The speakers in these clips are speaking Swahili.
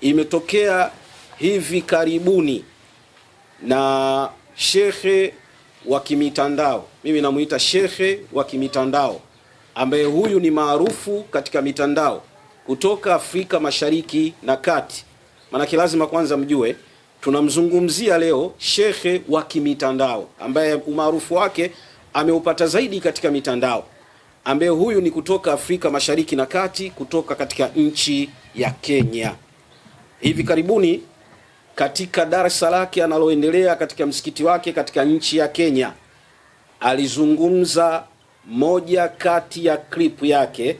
imetokea hivi karibuni na shekhe wa kimitandao, mimi namuita shekhe wa kimitandao ambaye huyu ni maarufu katika mitandao kutoka Afrika Mashariki na Kati. Maanake lazima kwanza mjue tunamzungumzia leo shekhe wa kimitandao ambaye umaarufu wake ameupata zaidi katika mitandao, ambaye huyu ni kutoka Afrika Mashariki na Kati, kutoka katika nchi ya Kenya hivi karibuni katika darsa lake analoendelea katika msikiti wake katika nchi ya Kenya, alizungumza moja kati ya klipu yake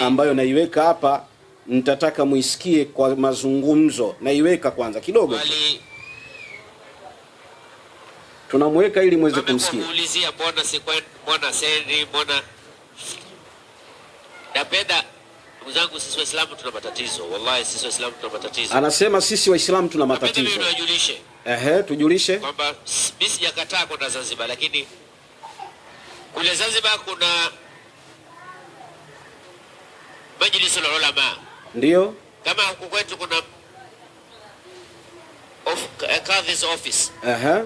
ambayo naiweka hapa, nitataka muisikie kwa mazungumzo. Naiweka kwanza kidogo, tunamweka ili mweze kumsikia. Napenda Ndugu zangu, sisi Waislamu tuna matatizo. Wallahi sisi Waislamu tuna matatizo. Anasema sisi Waislamu tuna matatizo. Mimi niwajulishe. Ehe, tujulishe kwamba mimi sijakataa kwenda Zanzibar, lakini kule Zanzibar kuna Majlisul Ulama. Ndio. Kama huku kwetu kuna of, eh, Kadhi's office. Ehe.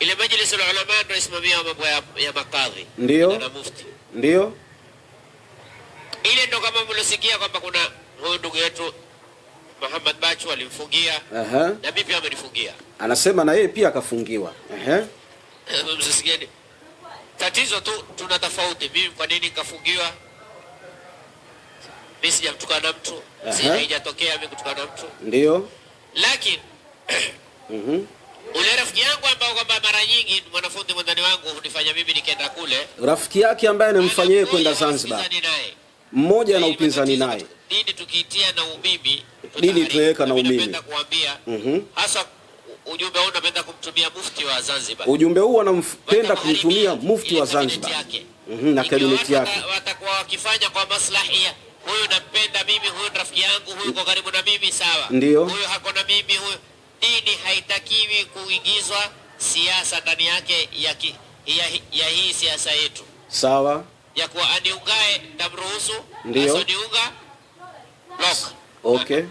Ile Majlisul Ulama ndio isimamia mambo ya, ya makadhi. Ndio. Na mufti. Ndio. Ile ndo kama mlosikia kwamba kuna huyu ndugu yetu Muhammad Bachu alimfungia uh -huh. na mimi pia amenifungia, anasema na yeye pia akafungiwa uh -huh. Eh, Msisikieni tatizo tu, tuna tofauti. Mimi kwa nini nikafungiwa? Mimi sijamtukana na mtu uh -huh. Sijatokea mimi kutukana na mtu ndio, lakini uh -huh. Mhm. Ule rafiki yangu ambao kwamba mara nyingi mwanafunzi mwandani wangu hunifanya mimi nikaenda kule, rafiki yake ambaye anamfanyia kwenda Zanzibar mmoja na upinzani naye. Dini tukiitia na umimi dini tuiweka na umimi. Napenda kuambia mm-hmm. hasa ujumbe huu napenda kumtumia mufti wa Zanzibar. Ujumbe huu anampenda kumtumia mufti wa Zanzibar mm-hmm. na kabineti yake, watakuwa wakifanya kwa maslahi ya huyu nampenda mimi, huyu rafiki yangu, huyu kwa karibu na mimi, sawa, ndio huyu hako na mimi, huyu dini haitakiwi kuingizwa siasa ndani yake ya, ki, ya, ya hii siasa yetu, sawa ya kuwa aniungae tamruhusu, asoniunga lock. Okay,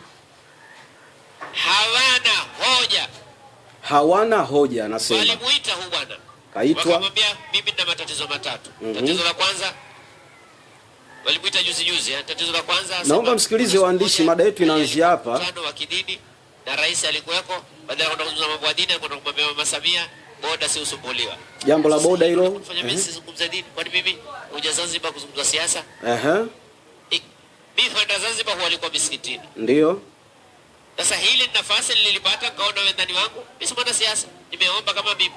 hawana hoja, hawana hoja. Anasema alimuita huyu bwana kaitwa, wakamwambia mimi nina matatizo matatu. mm -hmm. Tatizo la kwanza walimuita juzi juzi, eh. tatizo la kwanza. Naomba msikilize waandishi, mada yetu inaanzia hapa. wa kidini na rais alikuweko, baada ya kuzungumza mambo ya dini, alikwenda kumwambia Mama Samia boda si usumbuliwa. Jambo la boda hilo. Kufanya mimi sizungumza dini, nini mimi uja Zanzibar kuzungumza siasa? Eh eh. Mimi kwenda Zanzibar huwa liko misikitini. Ndio. Sasa hili nafasi nililipata kaona wendani wangu, mimi si mwana siasa. Nimeomba kama mimi.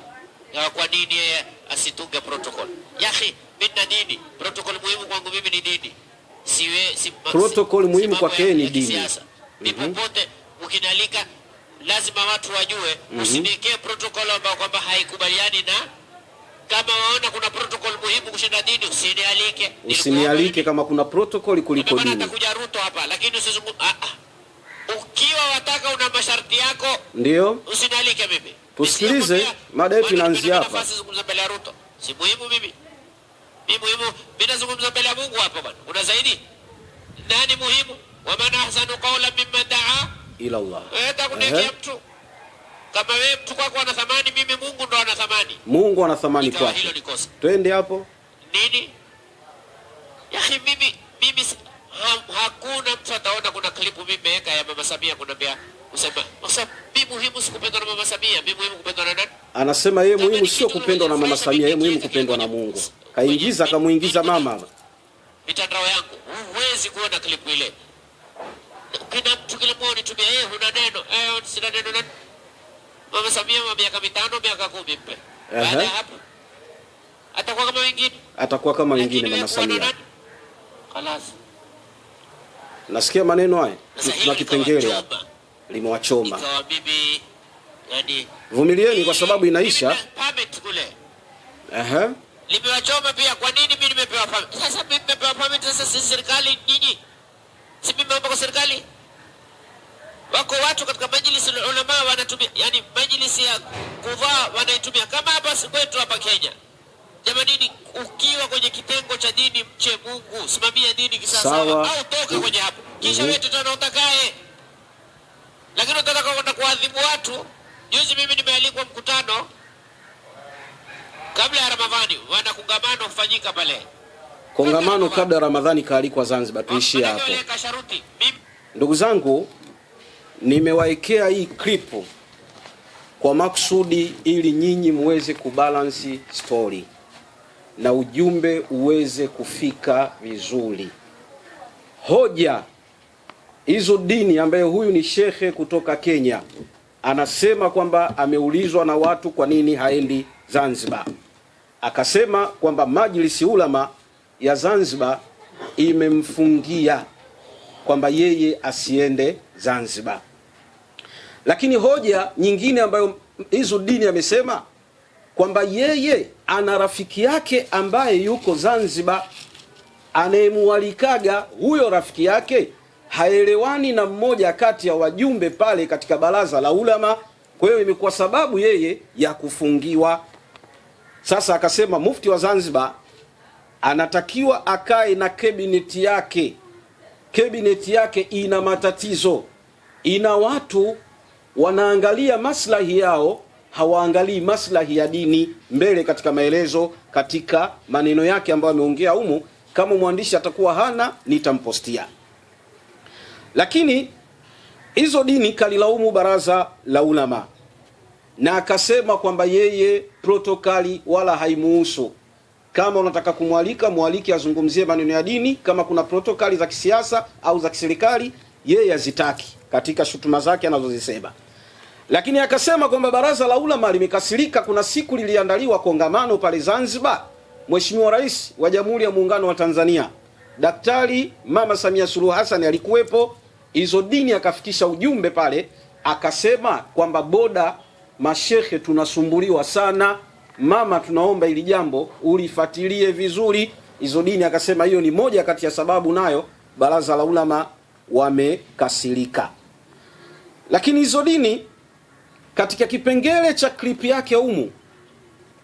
Na kwa nini yeye asitunge protocol? Yahi, mimi na dini. Protocol muhimu kwangu mimi ni dini. Siwe si protocol muhimu kwake ni dini. Siasa. Mimi popote mhm. ukinalika lazima watu wajue. mm -hmm. Usiniwekee protocol ambayo kwamba haikubaliani na kama waona kuna protocol muhimu kushinda dini usinialike, usinialike kama kuna protocol kuliko dini. Atakuja Ruto hapa lakini usizungu... ah, ah. Ukiwa wataka una masharti yako ndio usinialike mimi. Tusikilize mada yetu inaanzia hapa. Nafasi zungumza mbele ya Ruto si muhimu mimi, mimi muhimu mimi nazungumza mbele ya Mungu hapa bwana. una zaidi nani muhimu? wa man ahsanu qawlan mimman daa ila Allah. Wewe eh, mtu kama wewe mtu kwako ana thamani, mimi Mungu ndo ana thamani. Mungu ana thamani kwako. Hilo ni kosa. Twende hapo. Nini? Yaani mimi mimi ha, hakuna mtu ataona kuna klipu mimi nimeweka ya Mama Samia kunambia usema Sasa mimi muhimu si kupendwa na Mama Samia, mimi muhimu kupendwa na nani? Anasema yeye muhimu sio kupendwa na Mama Samia, yeye muhimu kupendwa na Mungu. Kaingiza kamuingiza mama mitandao yangu, huwezi kuona klipu ile. Kila mtu kila mmoja unitumia yeye, huna neno eh, sina neno na mama Samia wa miaka mitano miaka kumi mpe. Baada ya hapo atakuwa kama wengine, atakuwa kama wengine mama Samia. Kalas, nasikia maneno haya na kipengele limewachoma. Ikawa bibi yani, vumilieni kwa sababu inaisha permit kule. Aha, limewachoma pia. Kwa nini mimi nimepewa permit? Sasa mimi nimepewa permit, sasa serikali nyinyi si mimi kwa serikali. Wako watu katika majlisi ulama wanatumia, yani majlisi ya kuvaa wanaitumia kama hapa kwetu hapa Kenya. Jamani, ukiwa kwenye kitengo cha dini, mche Mungu, simamia dini kisawasawa, au toka kwenye hapo, kisha mhm. wewe tutaona utakaye. Lakini utataka kwenda kuadhibu watu. Juzi mimi nimealikwa mkutano kabla ya Ramadhani, wana kongamano kufanyika pale Kongamano kabla Ramadhani kaalikwa Zanzibar, tuishie hapo. Ndugu zangu, nimewaekea hii klipu kwa makusudi ili nyinyi muweze kubalansi story na ujumbe uweze kufika vizuri. Hoja hizo dini ambaye huyu ni shekhe kutoka Kenya anasema kwamba ameulizwa na watu kwa nini haendi Zanzibar, akasema kwamba majlisi ulama ya Zanzibar imemfungia kwamba yeye asiende Zanzibar. Lakini hoja nyingine ambayo dini amesema kwamba yeye ana rafiki yake ambaye yuko Zanzibar anayemwalikaga, huyo rafiki yake haelewani na mmoja kati ya wajumbe pale katika baraza la ulama. Kwa hiyo imekuwa sababu yeye ya kufungiwa. Sasa akasema mufti wa Zanzibar anatakiwa akae na kabineti yake. Kabineti yake ina matatizo, ina watu wanaangalia maslahi yao, hawaangalii maslahi ya dini. Mbele katika maelezo, katika maneno yake ambayo ameongea humu, kama mwandishi atakuwa hana, nitampostia. Lakini hizo dini kalilaumu baraza la ulama na akasema kwamba yeye protokali wala haimuhusu kama unataka kumwalika, mwalike azungumzie maneno ya dini. Kama kuna protokali za kisiasa au za kiserikali, yeye azitaki katika shutuma zake anazozisema. Lakini akasema kwamba baraza la ulama limekasirika. Kuna siku liliandaliwa kongamano pale Zanzibar, Mheshimiwa Rais wa Jamhuri ya Muungano wa Tanzania Daktari Mama Samia Suluhu Hassan alikuwepo, hizo dini akafikisha ujumbe pale, akasema kwamba boda mashehe tunasumbuliwa sana mama, tunaomba ili jambo ulifuatilie vizuri. Izudini akasema hiyo ni moja kati ya sababu, nayo baraza la ulama wamekasirika. Lakini Izudini katika kipengele cha clip yake humu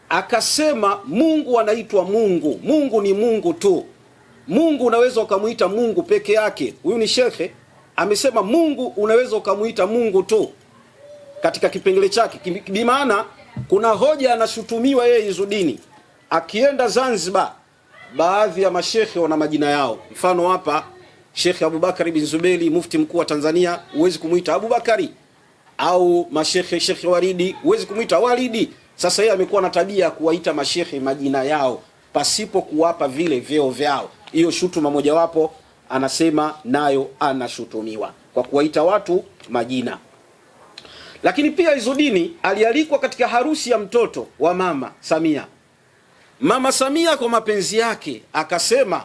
akasema Mungu anaitwa Mungu, Mungu ni Mungu tu. Mungu unaweza ukamuita Mungu peke yake. Huyu ni shekhe amesema Mungu unaweza ukamuita Mungu tu katika kipengele chake, bimaana kuna hoja anashutumiwa yeye Izudini, akienda Zanzibar baadhi ya mashekhe wana majina yao. Mfano hapa Shekhe Abubakari bin Zubeli, mufti mkuu wa Tanzania, huwezi kumwita Abubakari au mashekhe Shekhe Waridi huwezi kumwita Waridi. Sasa yeye amekuwa na tabia ya kuwaita mashekhe majina yao pasipo kuwapa vile vyeo vyao. Hiyo shutuma mojawapo anasema nayo anashutumiwa kwa kuwaita watu majina. Lakini pia Izudini alialikwa katika harusi ya mtoto wa mama Samia. Mama Samia kwa mapenzi yake akasema,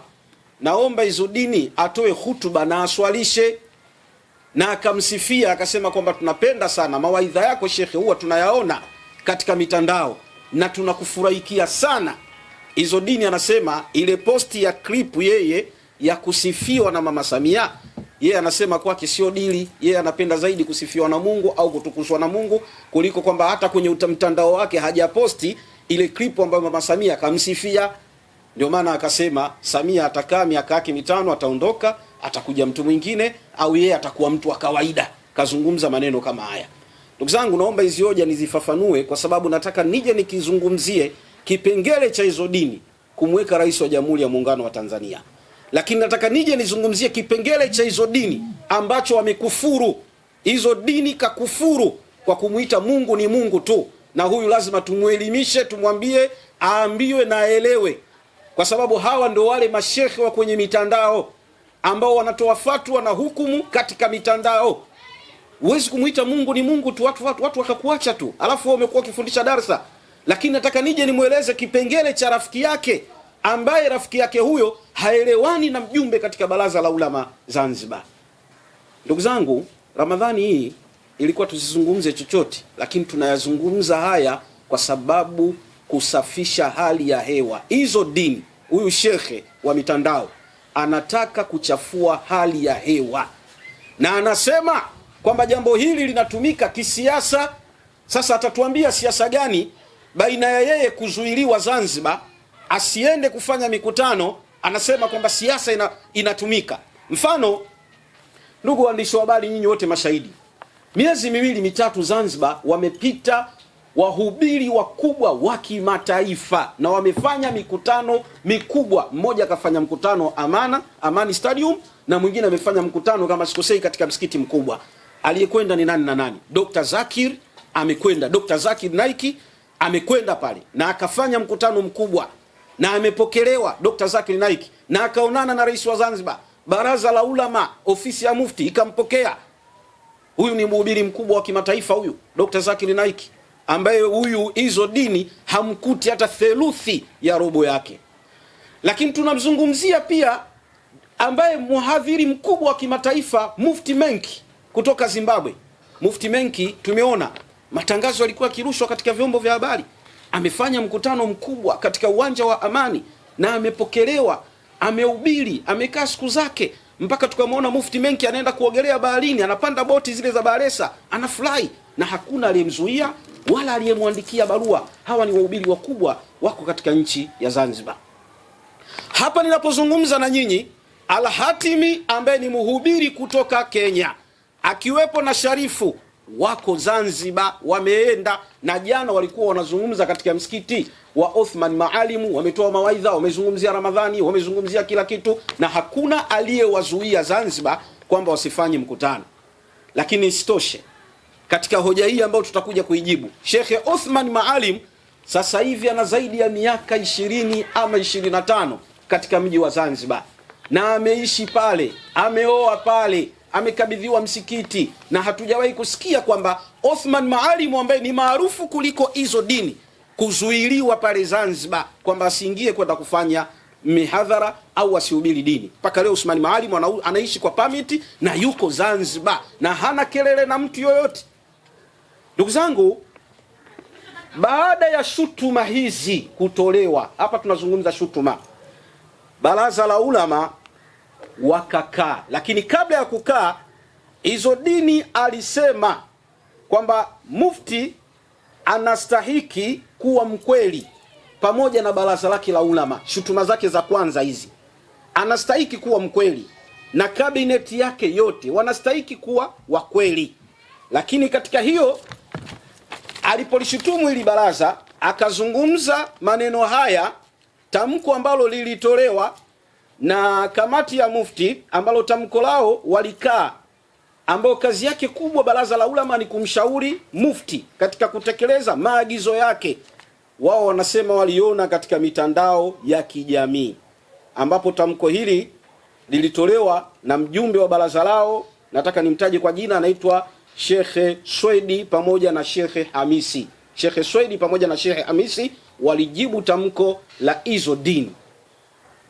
naomba Izudini atoe hutuba na aswalishe, na akamsifia akasema kwamba tunapenda sana mawaidha yako shekhe, huwa tunayaona katika mitandao na tunakufurahikia sana. Izudini anasema ile posti ya klipu yeye ya kusifiwa na mama Samia yeye anasema kwake sio dili, yeye anapenda zaidi kusifiwa na Mungu au kutukuswa na Mungu kuliko kwamba hata kwenye mtandao wake hajaposti ile clip ambayo mama Samia akamsifia. Ndio maana akasema Samia atakaa miaka yake mitano, ataondoka, atakuja mtu mwingine, au yeye atakuwa mtu wa kawaida. Kazungumza maneno kama haya. Ndugu zangu, naomba hizi hoja nizifafanue, kwa sababu nataka nije nikizungumzie kipengele cha hizo dini kumweka rais wa Jamhuri ya Muungano wa Tanzania lakini nataka nije nizungumzie kipengele cha hizo dini ambacho wamekufuru. Hizo dini kakufuru kwa kumwita Mungu ni Mungu tu, na huyu lazima tumwelimishe, tumwambie aambiwe na aelewe, kwa sababu hawa ndo wale mashehe wa kwenye mitandao ambao wanatoa fatwa na hukumu katika mitandao. Huwezi kumwita Mungu ni Mungu tu, watu watu watu wakakuacha tu, alafu wamekuwa umekuwa darsa. Lakini nataka nije nimweleze kipengele cha rafiki yake ambaye rafiki yake huyo haelewani na mjumbe katika baraza la ulama Zanzibar. Ndugu zangu, Ramadhani hii ilikuwa tusizungumze chochote, lakini tunayazungumza haya kwa sababu kusafisha hali ya hewa hizo dini. Huyu shekhe wa mitandao anataka kuchafua hali ya hewa na anasema kwamba jambo hili linatumika kisiasa. Sasa atatuambia siasa gani baina ya yeye kuzuiliwa Zanzibar asiende kufanya mikutano, anasema kwamba siasa ina, inatumika. Mfano, ndugu waandishi wa habari, nyinyi wote mashahidi, miezi miwili mitatu Zanzibar wamepita wahubiri wakubwa wa kimataifa na wamefanya mikutano mikubwa. Mmoja akafanya mkutano Amana Amani Stadium na mwingine amefanya mkutano kama sikosei, katika msikiti mkubwa. Aliyekwenda ni nani na nani? Dr. Zakir amekwenda, Dr. Zakir Naiki amekwenda pale na akafanya mkutano mkubwa na amepokelewa Dr. Zakir Naik na akaonana na rais wa Zanzibar, baraza la ulama, ofisi ya mufti ikampokea. Huyu ni mhubiri mkubwa wa kimataifa huyu Dr. Zakir Naik, ambaye huyu hizo dini hamkuti hata theluthi ya robo yake, lakini tunamzungumzia pia ambaye mhadhiri mkubwa wa kimataifa Mufti Menki kutoka Zimbabwe. Mufti Menki tumeona matangazo yalikuwa yakirushwa katika vyombo vya habari amefanya mkutano mkubwa katika uwanja wa Amani na amepokelewa, amehubiri, amekaa siku zake mpaka tukamwona Mufti Menki anaenda kuogelea baharini, anapanda boti zile za Baresa, anafurahi na hakuna aliyemzuia wala aliyemwandikia barua. Hawa ni wahubiri wakubwa, wako katika nchi ya Zanzibar. Hapa ninapozungumza na nyinyi, Alhatimi ambaye ni mhubiri kutoka Kenya akiwepo na Sharifu wako Zanzibar, wameenda na jana walikuwa wanazungumza katika msikiti wa Othman Maalimu, wametoa mawaidha, wamezungumzia Ramadhani, wamezungumzia kila kitu, na hakuna aliyewazuia Zanzibar kwamba wasifanye mkutano. Lakini isitoshe katika hoja hii ambayo tutakuja kuijibu, Shekhe Othman Maalim sasa hivi ana zaidi ya miaka ishirini ama ishirini na tano katika mji wa Zanzibar, na ameishi pale, ameoa pale amekabidhiwa msikiti, na hatujawahi kusikia kwamba Othman Maalimu ambaye ni maarufu kuliko hizo dini kuzuiliwa pale Zanzibar kwamba asiingie kwenda kufanya mihadhara au asihubiri dini. Mpaka leo Usmani Maalimu anaishi kwa pamiti na yuko Zanzibar na hana kelele na mtu yoyote. Ndugu zangu, baada ya shutuma hizi kutolewa hapa, tunazungumza shutuma, baraza la ulama wakakaa. Lakini kabla ya kukaa hizo dini, alisema kwamba mufti anastahiki kuwa mkweli pamoja na baraza lake la ulama. Shutuma zake za kwanza hizi, anastahiki kuwa mkweli na kabineti yake yote wanastahiki kuwa wakweli. Lakini katika hiyo alipolishutumu hili baraza, akazungumza maneno haya, tamko ambalo lilitolewa na kamati ya Mufti ambalo tamko lao walikaa, ambao kazi yake kubwa baraza la ulama ni kumshauri Mufti katika kutekeleza maagizo yake. Wao wanasema waliona katika mitandao ya kijamii, ambapo tamko hili lilitolewa na mjumbe wa baraza lao, nataka nimtaje kwa jina, anaitwa Shekhe Swedi pamoja na Shekhe Hamisi. Shekhe Swedi pamoja na Shekhe Hamisi walijibu tamko la hizo Dini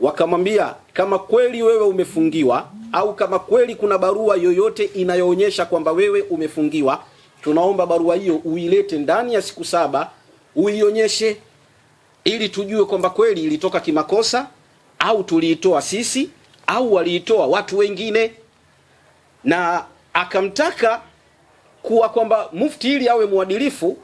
wakamwambia, kama kweli wewe umefungiwa au kama kweli kuna barua yoyote inayoonyesha kwamba wewe umefungiwa, tunaomba barua hiyo uilete ndani ya siku saba uionyeshe, ili tujue kwamba kweli ilitoka kimakosa au tuliitoa sisi au waliitoa watu wengine. Na akamtaka kuwa kwamba mufti ili awe mwadilifu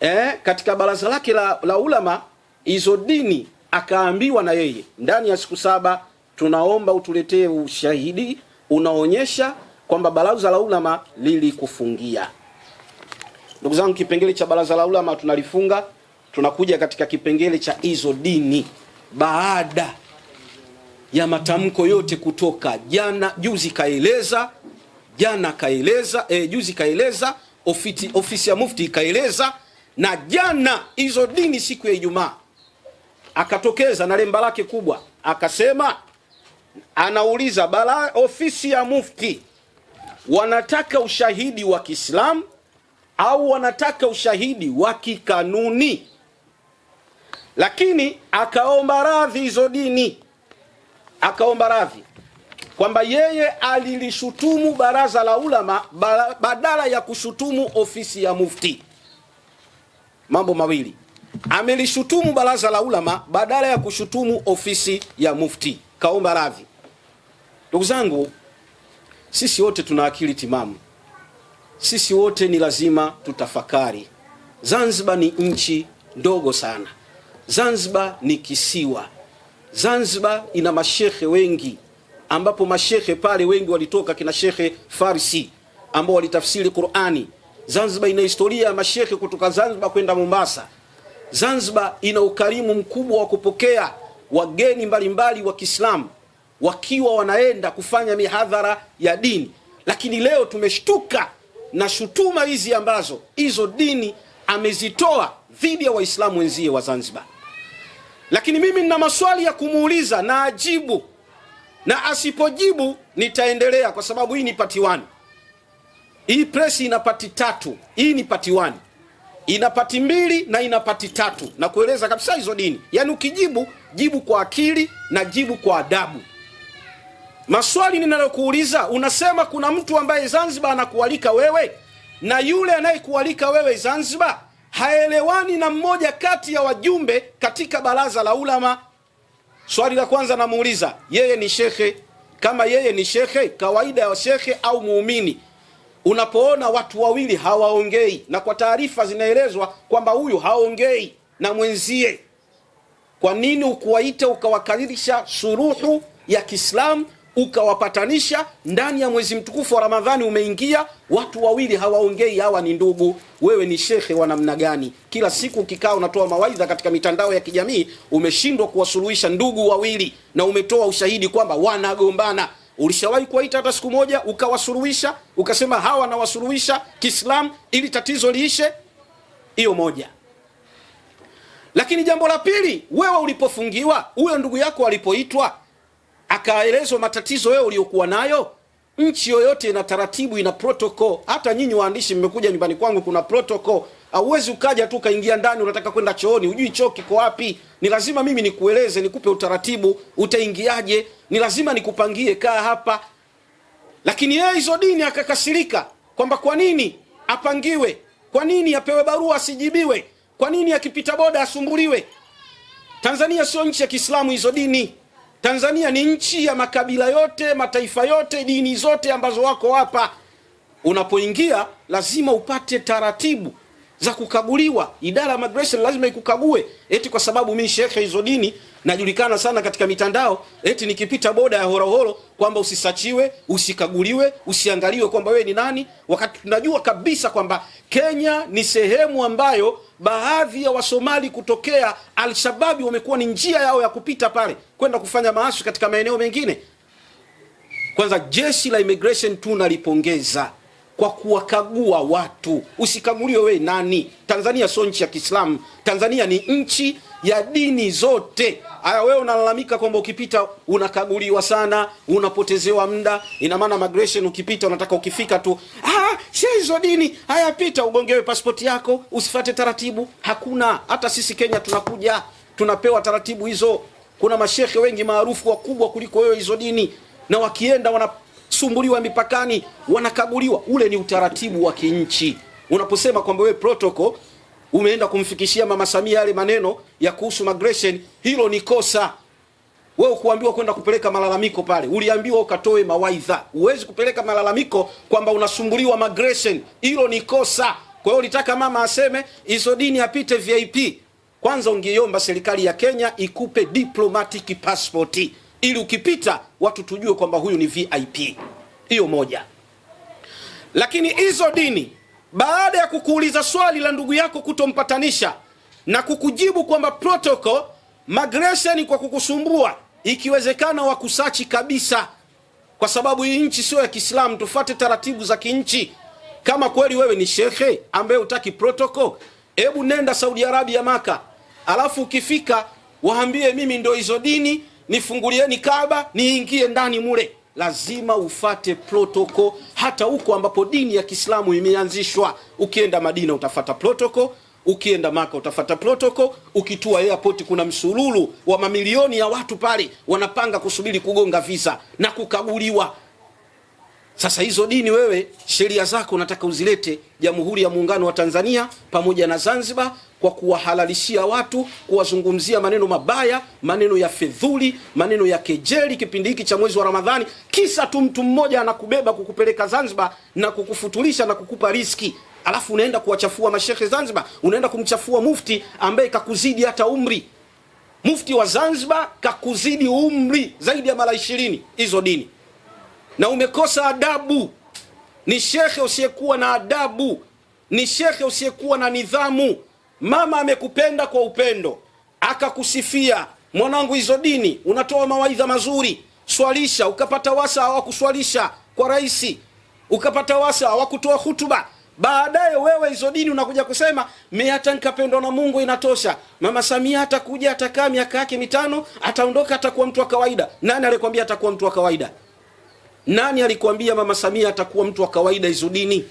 eh, katika baraza lake la, la ulama hizo dini akaambiwa na yeye ndani ya siku saba tunaomba utuletee ushahidi unaonyesha kwamba baraza la ulama lilikufungia. Ndugu zangu, kipengele cha baraza la ulama tunalifunga, tunakuja katika kipengele cha hizo dini. Baada ya matamko yote kutoka jana, juzi kaeleza, jana kaeleza, e, juzi kaeleza, ofisi, ofisi ya mufti ikaeleza, na jana hizo dini siku ya Ijumaa akatokeza na lemba lake kubwa, akasema anauliza bala, ofisi ya mufti wanataka ushahidi wa Kiislamu au wanataka ushahidi wa kikanuni? Lakini akaomba radhi hizo dini, akaomba radhi kwamba yeye alilishutumu baraza la ulama badala ya kushutumu ofisi ya mufti. Mambo mawili amelishutumu baraza la ulama badala ya kushutumu ofisi ya mufti, kaomba radhi. Ndugu zangu, sisi wote tuna akili timamu, sisi wote ni lazima tutafakari. Zanzibar ni nchi ndogo sana, Zanzibar ni kisiwa, Zanzibar ina mashehe wengi, ambapo mashehe pale wengi walitoka kina shehe Farisi ambao walitafsiri Qurani. Zanzibar ina historia ya mashehe kutoka Zanzibar kwenda Mombasa. Zanzibar ina ukarimu mkubwa wa kupokea wageni mbalimbali wa Kiislamu wakiwa wanaenda kufanya mihadhara ya dini, lakini leo tumeshtuka na shutuma hizi ambazo hizo dini amezitoa dhidi ya Waislamu wenzie wa Zanzibar. Lakini mimi nina maswali ya kumuuliza na ajibu, na asipojibu nitaendelea, kwa sababu hii ni pati 1 Hii presi ina pati tatu, hii ni pati 1 ina pati mbili na ina pati tatu, na kueleza kabisa hizo dini. Yaani ukijibu jibu kwa akili na jibu kwa adabu. Maswali ninayokuuliza, unasema, kuna mtu ambaye Zanzibar anakualika wewe na yule anayekualika wewe Zanzibar haelewani na mmoja kati ya wajumbe katika baraza la ulama. Swali la kwanza namuuliza, yeye ni shekhe? Kama yeye ni shekhe, kawaida ya shekhe au muumini Unapoona watu wawili hawaongei, na kwa taarifa zinaelezwa kwamba huyu haongei na mwenzie, kwa nini ukuwaita ukawakadirisha suruhu ya Kiislamu ukawapatanisha ndani ya mwezi mtukufu wa Ramadhani umeingia, watu wawili hawaongei, hawa ni ndugu. Wewe ni shekhe wa namna gani? Kila siku ukikaa unatoa mawaidha katika mitandao ya kijamii, umeshindwa kuwasuluhisha ndugu wawili, na umetoa ushahidi kwamba wanagombana. Ulishawahi kuwaita hata siku moja ukawasuluhisha, ukasema hawa nawasuluhisha Kiislamu ili tatizo liishe? Hiyo moja. Lakini jambo la pili, wewe ulipofungiwa, huyo ndugu yako alipoitwa akaelezwa matatizo wewe uliokuwa nayo, nchi yoyote ina taratibu, ina protocol. Hata nyinyi waandishi mmekuja nyumbani kwangu, kuna protocol. Hauwezi ukaja tu ukaingia ndani, unataka kwenda chooni, hujui choo kiko wapi. Ni lazima mimi nikueleze, nikupe utaratibu, utaingiaje, ni lazima nikupangie, kaa hapa. Lakini yeye hizo dini akakasirika kwamba kwa nini apangiwe, kwa nini apewe barua asijibiwe, kwa nini akipita boda asumbuliwe? Tanzania sio nchi ya Kiislamu hizo dini. Tanzania ni nchi ya makabila yote, mataifa yote, dini zote ambazo wako hapa. Unapoingia lazima upate taratibu za kukaguliwa. Idara ya migration lazima ikukague, eti kwa sababu mimi Sheikh dini najulikana sana katika mitandao, eti nikipita boda ya horohoro kwamba usisachiwe, usikaguliwe, usiangaliwe kwamba wewe ni nani, wakati tunajua kabisa kwamba Kenya ni sehemu ambayo baadhi ya Wasomali kutokea Alshababi wamekuwa ni njia yao ya kupita pale kwenda kufanya maasi katika maeneo mengine. Kwanza jeshi la immigration tunalipongeza kwa kuwakagua watu. Usikaguliwe we nani. Tanzania sio nchi ya Kiislamu. Tanzania ni nchi ya dini zote. Aya, wewe unalalamika kwamba ukipita unakaguliwa sana, unapotezewa muda. Ina maana migration ukipita unataka ukifika tu, ah, si hizo dini. Haya, pita ugongewe pasipoti yako, usifate taratibu. Hakuna hata sisi Kenya tunakuja tunapewa taratibu hizo. Kuna mashehe wengi maarufu wakubwa kuliko wewe hizo dini, na wakienda wana wanasumbuliwa mipakani, wanakaguliwa. Ule ni utaratibu wa kinchi. Unaposema kwamba wewe protocol umeenda kumfikishia mama Samia yale maneno ya kuhusu migration, hilo ni kosa. Wewe kuambiwa kwenda kupeleka malalamiko pale, uliambiwa ukatoe mawaidha. Huwezi kupeleka malalamiko kwamba unasumbuliwa migration, hilo ni kosa. Kwa hiyo ulitaka mama aseme Izodini apite VIP. Kwanza ungeiomba serikali ya Kenya ikupe diplomatic passport ili ukipita watu tujue kwamba huyu ni VIP. Hiyo moja. Lakini hizo dini, baada ya kukuuliza swali la ndugu yako kutompatanisha na kukujibu kwamba protocol migration kwa kukusumbua, ikiwezekana wakusachi kabisa, kwa sababu hii nchi sio ya Kiislamu, tufate taratibu za kinchi. Kama kweli wewe ni shekhe ambaye utaki protocol, hebu nenda Saudi Arabia, Maka, alafu ukifika waambie mimi ndo hizo dini nifungulieni Kaaba niingie ndani mule. Lazima ufate protoko hata huko ambapo dini ya Kiislamu imeanzishwa. Ukienda Madina utafata protoko, ukienda Maka utafata protoko. Ukitua airport kuna msululu wa mamilioni ya watu pale wanapanga kusubiri kugonga visa na kukaguliwa. Sasa hizo dini wewe sheria zako unataka uzilete Jamhuri ya Muungano wa Tanzania pamoja na Zanzibar kwa kuwahalalishia watu, kuwazungumzia maneno mabaya, maneno ya fedhuli, maneno ya kejeli kipindi hiki cha mwezi wa Ramadhani, kisa tu mtu mmoja anakubeba kukupeleka Zanzibar na kukufutulisha na kukupa riski, alafu unaenda kuwachafua mashehe Zanzibar, unaenda kumchafua mufti ambaye kakuzidi hata umri. Mufti wa Zanzibar kakuzidi umri zaidi ya mara ishirini. Hizo dini na umekosa adabu. Ni shekhe usiyekuwa na adabu, ni shekhe usiyekuwa na nidhamu. Mama amekupenda kwa upendo, akakusifia mwanangu, hizo dini unatoa mawaidha mazuri, swalisha. Ukapata wasa, wa kuswalisha kwa rais, ukapata wasa, wa kutoa hutuba. Baadaye wewe hizo dini unakuja kusema mimi hata nikapendwa na Mungu inatosha. Mama Samia atakuja atakaa miaka yake mitano, ataondoka, atakuwa mtu wa kawaida. Nani alikwambia atakuwa mtu wa kawaida? Nani alikwambia Mama Samia atakuwa mtu wa kawaida Izudini?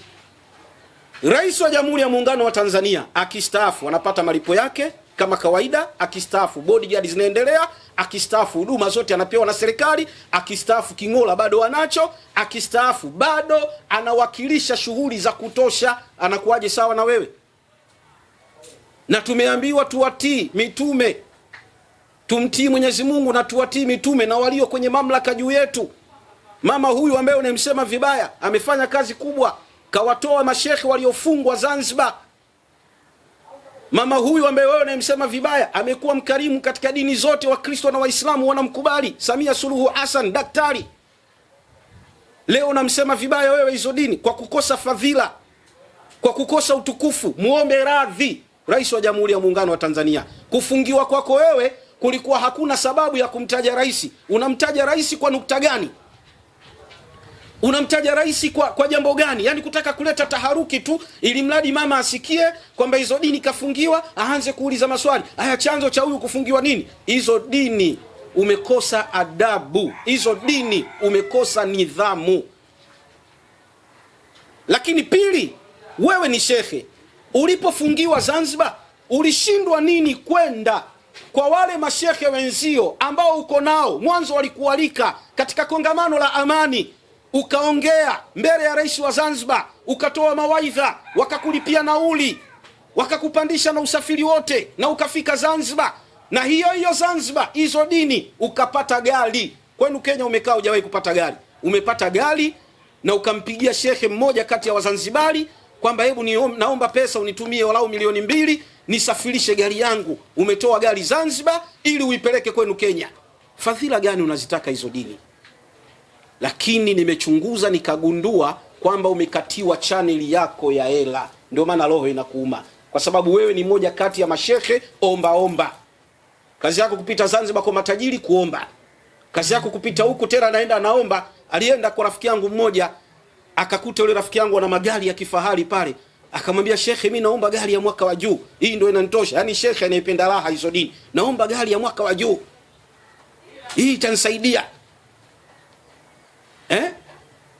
Rais wa Jamhuri ya Muungano wa Tanzania akistaafu anapata malipo yake kama kawaida, akistaafu bodyguard zinaendelea, akistaafu huduma zote anapewa na serikali, akistaafu king'ola bado anacho, akistaafu bado anawakilisha shughuli za kutosha. Anakuwaje sawa na wewe? Na tumeambiwa tuwatii mitume, tumtii Mwenyezi Mungu na tuwatii mitume na walio kwenye mamlaka juu yetu. Mama huyu ambaye unamsema vibaya amefanya kazi kubwa, kawatoa mashekhe waliofungwa Zanzibar. Mama huyu ambaye wewe unamsema vibaya amekuwa mkarimu katika dini zote, Wakristo na Waislamu wanamkubali. Samia Suluhu Hassan daktari. Leo unamsema vibaya wewe hizo dini kwa kukosa fadhila, kwa kukosa utukufu. Muombe radhi Rais wa Jamhuri ya Muungano wa Tanzania. Kufungiwa kwako wewe kulikuwa hakuna sababu ya kumtaja rais. Unamtaja rais kwa nukta gani? unamtaja rais kwa, kwa jambo gani? Yaani kutaka kuleta taharuki tu, ili mradi mama asikie kwamba hizo dini kafungiwa, aanze kuuliza maswali haya, chanzo cha huyu kufungiwa nini? Hizo dini umekosa adabu, hizo dini umekosa nidhamu. Lakini pili, wewe ni shekhe, ulipofungiwa Zanzibar ulishindwa nini kwenda kwa wale mashekhe wenzio ambao uko nao mwanzo walikualika katika kongamano la amani ukaongea mbele ya rais wa Zanzibar, ukatoa mawaidha, wakakulipia nauli, wakakupandisha na usafiri wote, na ukafika Zanzibar na hiyo hiyo Zanzibar, hizo dini ukapata gari. Kwenu Kenya umekaa hujawahi kupata gari, umepata gari na ukampigia shekhe mmoja kati ya Wazanzibari kwamba hebu ni naomba pesa unitumie walau milioni mbili nisafirishe gari yangu. Umetoa gari Zanzibar ili uipeleke kwenu Kenya. Fadhila gani unazitaka hizo dini? lakini nimechunguza nikagundua kwamba umekatiwa chaneli yako ya hela. Ndio maana roho inakuuma, kwa sababu wewe ni moja kati ya mashehe omba omba. Kazi yako kupita Zanzibar kwa matajiri kuomba, kazi yako kupita huku tena, naenda naomba. Alienda kwa rafiki yangu mmoja, akakuta yule rafiki yangu ana magari ya kifahari pale, akamwambia shekhe, mimi naomba gari ya mwaka wa juu, hii ndio inanitosha. Yani shekhe anayependa raha hizo dini, naomba gari ya mwaka wa juu, hii itanisaidia eh?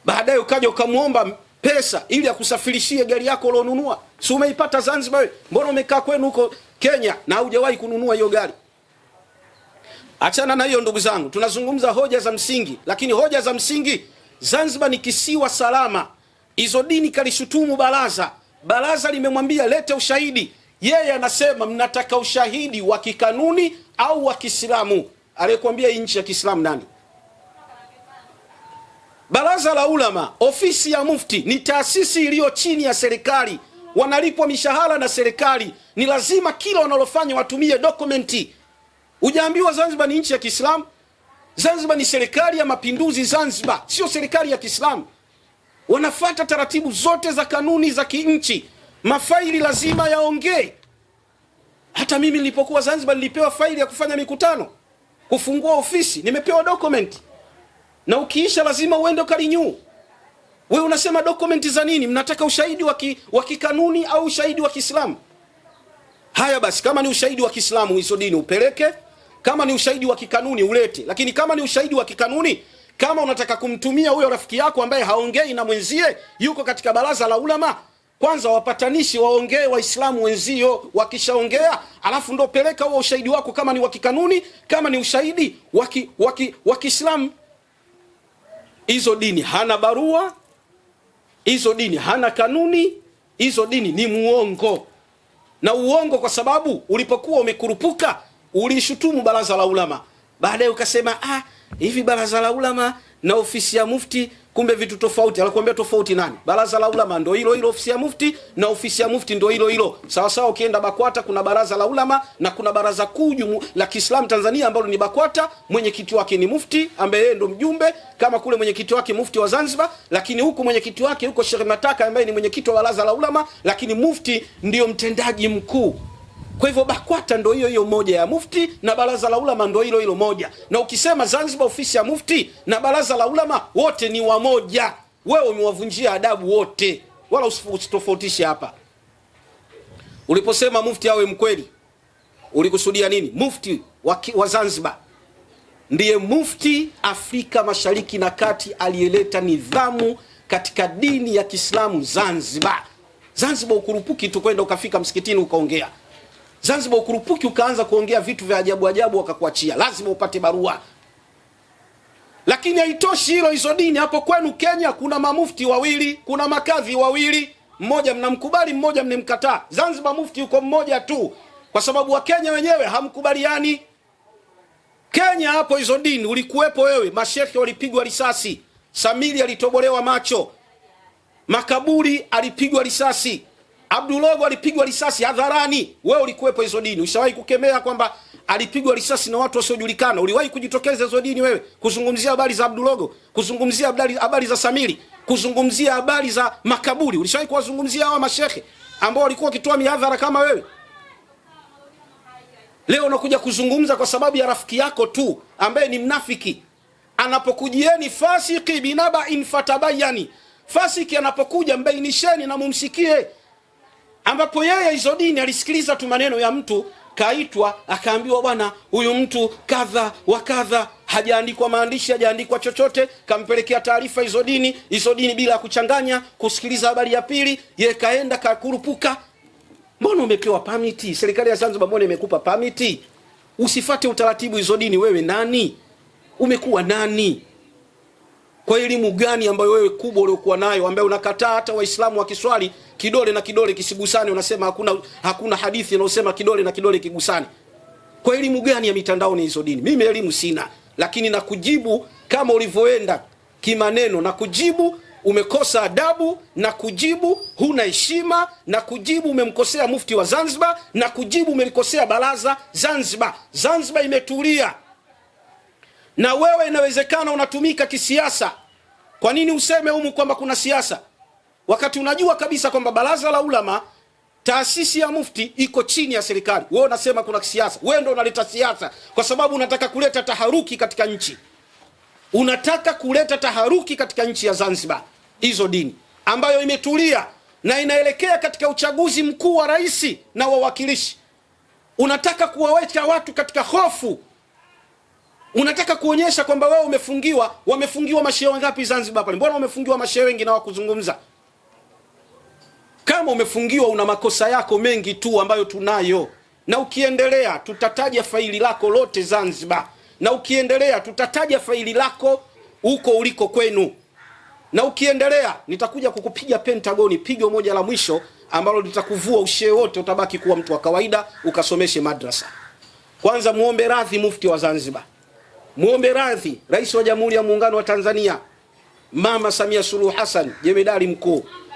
Baadaye ukaja ukamwomba pesa ili akusafirishie gari yako ulionunua, si umeipata Zanzibar Mbona umekaa kwenu huko Kenya na hujawahi kununua hiyo gari? Achana na hiyo ndugu zangu, tunazungumza hoja za msingi, lakini hoja za msingi, Zanzibar ni kisiwa salama. Hizo dini kalishutumu baraza, baraza limemwambia lete ushahidi, yeye anasema mnataka ushahidi wa kikanuni au wa Kiislamu. Aliyekwambia hii nchi ya Kiislamu nani? Baraza la Ulama, ofisi ya Mufti ni taasisi iliyo chini ya serikali, wanalipwa mishahara na serikali. Ni lazima kila wanalofanya watumie dokumenti. Ujaambiwa Zanzibar ni nchi ya Kiislamu? Zanzibar ni serikali ya mapinduzi, Zanzibar sio serikali ya Kiislamu. Wanafata taratibu zote za kanuni za kinchi, mafaili lazima yaongee. Hata mimi nilipokuwa Zanzibar nilipewa faili ya kufanya mikutano, kufungua ofisi, nimepewa dokumenti na ukiisha lazima uende ukalinyuu. Wewe unasema dokumenti za nini? Mnataka ushahidi wa kikanuni au ushahidi wa Kiislamu? Haya basi, kama ni ushahidi wa Kiislamu hizo dini upeleke, kama ni ushahidi wa kikanuni ulete. Lakini kama ni ushahidi wa kikanuni, kama unataka kumtumia huyo rafiki yako ambaye haongei na mwenzie, yuko katika baraza la ulama, kwanza wapatanishi waongee Waislamu wenzio, wakishaongea alafu ndo peleka huo ushahidi wako, kama ni wa kikanuni, kama ni ushahidi wa Kiislamu hizo dini hana barua, hizo dini hana kanuni, hizo dini ni muongo na uongo, kwa sababu ulipokuwa umekurupuka ulishutumu baraza la ulama, baadaye ukasema ah, hivi baraza la ulama na ofisi ya mufti kumbe vitu tofauti. Alikwambia tofauti nani? Baraza la ulama ndo hilo hilo, ofisi ya mufti na ofisi ya mufti ndo hilo hilo sawa sawa. Ukienda BAKWATA kuna baraza la ulama na kuna baraza kuu la Kiislamu Tanzania ambalo ni BAKWATA, mwenyekiti wake ni mufti ambaye yeye ndo mjumbe, kama kule mwenyekiti wake mufti wa Zanzibar, lakini huku mwenyekiti wake huko Sheikh Mataka ambaye ni mwenyekiti wa baraza la ulama, lakini mufti ndiyo mtendaji mkuu kwa hivyo BAKWATA ndo hiyo hiyo moja ya mufti na baraza la ulama ndo hilo hilo moja, na ukisema Zanzibar ofisi ya mufti na baraza la ulama wote ni wamoja. Wewe umewavunjia adabu wote, wala usitofautishe hapa. Uliposema mufti awe mkweli, ulikusudia nini? Mufti wa, wa Zanzibar ndiye mufti Afrika Mashariki na Kati aliyeleta nidhamu katika dini ya Kiislamu Zanzibar. Zanzibar ukurupuki tu kwenda ukafika msikitini ukaongea Zanzibar ukurupuki ukaanza kuongea vitu vya ajabu ajabu, wakakuachia, lazima upate barua. Lakini haitoshi hilo, hizo dini hapo kwenu Kenya kuna mamufti wawili, kuna makadhi wawili, mmoja mnamkubali, mmoja mnimkataa. Zanzibar mufti yuko mmoja tu, kwa sababu Wakenya wenyewe hamkubaliani. Kenya hapo hizo dini ulikuwepo wewe, mashehe walipigwa risasi, Samili alitobolewa macho, makaburi alipigwa risasi. Abdulogo alipigwa risasi hadharani, wewe ulikuwepo hizo dini, ushawahi kukemea kwamba alipigwa risasi na watu wasiojulikana? Uliwahi kujitokeza hizo dini wewe kuzungumzia habari za Abdulogo, kuzungumzia habari za Samiri, kuzungumzia habari za makaburi? Ulishawahi kuwazungumzia hawa mashehe ambao walikuwa wakitoa mihadhara kama wewe? Leo unakuja kuzungumza kwa sababu ya rafiki yako tu ambaye ni mnafiki. Anapokujieni fasiki binaba infatabayani, fasiki anapokuja mbainisheni na mumsikie ambapo yeye hizo dini alisikiliza tu maneno ya mtu kaitwa akaambiwa, bwana huyu mtu kadha wa kadha, hajaandikwa maandishi, hajaandikwa chochote, kampelekea taarifa hizo dini hizo dini, bila kuchanganya kusikiliza habari ya pili, ye kaenda kakurupuka. Mbona umepewa pamiti? Serikali ya Zanzibar mbona imekupa pamiti? Usifate utaratibu hizo dini, wewe nani? Umekuwa nani? Kwa elimu gani ambayo wewe kubwa uliokuwa nayo ambayo unakataa hata Waislamu wa kiswali kidole na kidole kisigusane, unasema hakuna hakuna hadithi inayosema kidole na kidole kigusane? Kwa elimu gani ya mitandaoni hizo dini? Mimi elimu sina, lakini na kujibu kama ulivyoenda kimaneno, na kujibu umekosa adabu, na kujibu huna heshima, na kujibu umemkosea mufti wa Zanzibar, na kujibu umelikosea baraza Zanzibar. Zanzibar imetulia na wewe inawezekana unatumika kisiasa. Kwa nini useme humu kwamba kuna siasa wakati unajua kabisa kwamba baraza la ulama, taasisi ya mufti iko chini ya serikali? Wewe unasema kuna siasa, wewe ndio unaleta siasa kwa sababu unataka kuleta taharuki katika nchi, unataka kuleta taharuki katika nchi ya Zanzibar. Hizo dini ambayo imetulia na inaelekea katika uchaguzi mkuu wa rais na wawakilishi, unataka kuwaweka watu katika hofu Unataka kuonyesha kwamba wewe umefungiwa. Wamefungiwa mashehe wangapi Zanzibar pale? Mbona wamefungiwa mashehe wengi na wakuzungumza? Kama umefungiwa, una makosa yako mengi tu ambayo tunayo, na ukiendelea tutataja faili lako lote Zanzibar, na ukiendelea tutataja faili lako huko uliko kwenu, na ukiendelea nitakuja kukupiga Pentagoni pigo moja la mwisho ambalo litakuvua ushehe wote, utabaki kuwa mtu wa kawaida ukasomeshe madrasa. Kwanza muombe radhi mufti wa Zanzibar muombe radhi Rais wa Jamhuri ya Muungano wa Tanzania Mama Samia Suluhu Hassan, jemedari mkuu.